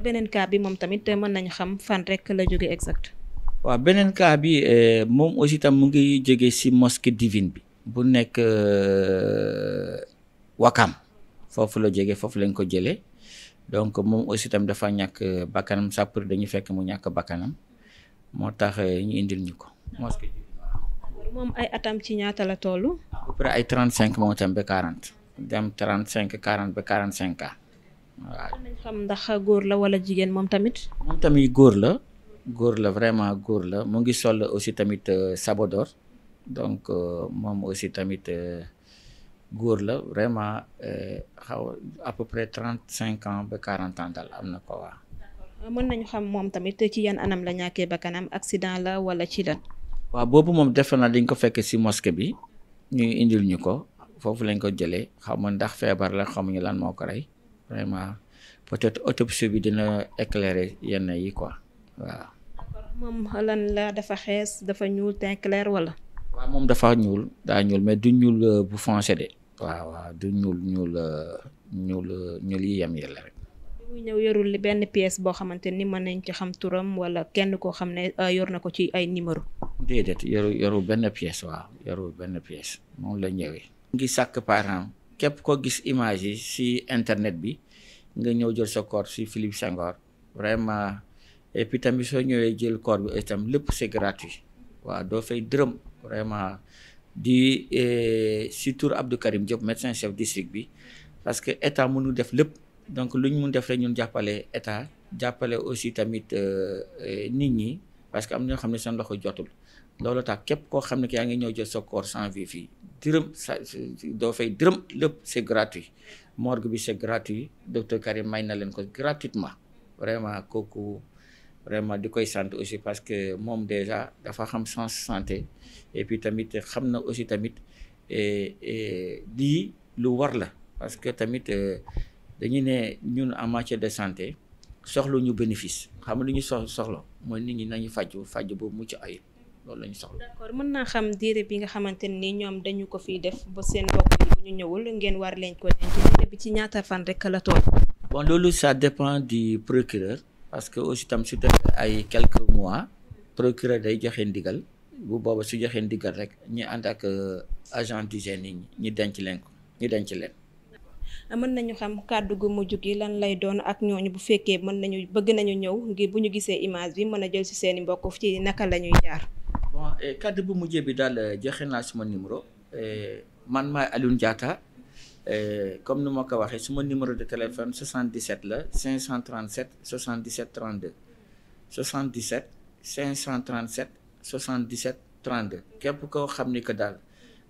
beneen cas bi moom tamit mën nañu xam fan rekk la jóge exact waaw beneen cas bi eh, moom aussi tam mu ngi jóge si mosquée divine bi bu nekk euh, Wakam foofu la jóge foofu lañ ko jëlee donc moom aussi tam dafa ñàkk bakkanam sàppur dañu fekk mu ñàkk bakkanam moo tax eh, ñu indil ñu ko mosquée divine moom ay atam ci ñaata la toll à peu ay trent cinq moom tam ba quarante dem trent cinq quarante ba quarante cinq ans waaw ndax góor la wala jigéen moom tamit. moom góor la góor la vraiment góor la mu ngi sol aussi tamit euh, sabodor donc euh, moom aussi tamit euh, góor la vraiment xaw à peu cinq ans ba quarante am na ko waa. mën nañu xam moom tamit ci yan anam la ñàkkee bakkanam accident la wala ci lan. waaw boobu moom defe naa dañ ko fekk si mosquée bi ñu indil ñu ko foofu lañ ko jëlee xaw ma ndax feebar la xamuñu lan moo ko rey. vraiment peut-être autopsie bi dina éclairer yenn yi quoi waaw. moom lan la dafa xees dafa ñuul teint clair wala. waaw moom dafa ñuul daa ñuul mais du ñuul euh, bu foncé de. waaw waaw du ñuul ñuul euh, ñuul ñuul yi yem yàlla rek. muy ñëw yorul benn pièce boo xamante ni mën nañ ci xam turam wala kenn koo xam ne euh, yor na ko ci ay numéro. déedéet yoru yorul benn pièce waaw yorul benn pièce moom la ñëwee. ngi sàkk parent képp koo gis image yi si internet bi nga ñëw jël sa corps si Philippe Senghor vraiment et puis tamit soo ñëwee jël corps bi itam lépp c'est gratuit waaw doo fay dërëm vraiment di eh, si tour Abdou Karim Diop médecin chef district bi parce que état mënu def lépp donc lu ñu mun def rek ñun jàppale état jàppale aussi tamit euh, eh, nit ñi parce que am na ñoo xam ne seen loxo jotul loolu tax képp koo xam ne yaa ngi ñëw jël sa corps sans vie fii dërëm sa doo fay dërëm lépp c'est gratuit morgue bi c'est gratuit docteur Karim may na leen ko gratuitement vraiment kooku vraiment di koy sant aussi parce que moom déjà dafa xam sens santé et puis tamit xam na aussi tamit lii lu war la parce que tamit euh, dañu ne ñun en matière de santé soxla ñu bénéfice xam nga lu ñu sox soxla mooy nit ñi nañu faju faju bu mucc ayib loolu la ñu soxla. d'accord mën naa xam diire bi nga xamante ni ñoom dañu ko fi def ba seen mbokk yi bu ñu ñëwul ngeen war leen ko denc diire bi ci ñaata fan rek la toll. bon sa ça dépend du procureur parce que aussi tam su defee ay quelques mois procureur day joxe ndigal bu booba su joxe ndigal rek ñu ànd ak euh, agent d'hygiène yi ñu denc leen ko ñu denc leen. mën nañu xam kàddu gu mujj gi lan lay doon ak ñooñu bu fekkee mën nañu bëgg nañu ñëw ngir bu ñu gisee image bi mën a jël ci seeni mbokk ci naka la jaar. Eh, kaddu bu mujjee bi daal eh, joxe naa suma numéro eh, man maay Alioune Diatta comme nu ma ko waxee suma numéro de téléphone 77 la 537 77 32 77 537 77 32 képp koo xam ni que daal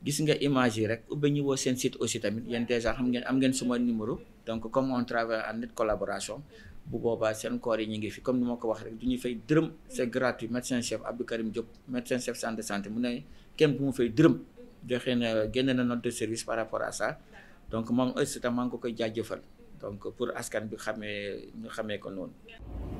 gis nga image yi rek ubbi ñu seen site aussi tamit yéen déjà xam ngeen am ngeen suma numéro donc comme on travaille en nette collaboration. bu boobaa seen corps yi ñu ngi fi comme ni ma ko wax rek du ñu fay dërëm c' est gratuit médecin chef Abdou Karim Diop médecin chef centre de santé mu ne kenn bu mu fay dërëm joxe na génne na note de service par rapport à ça donc moom aussi tam maa ngi ko koy jaajëfal donc pour askan bi xamee ñu xamee ko noonu.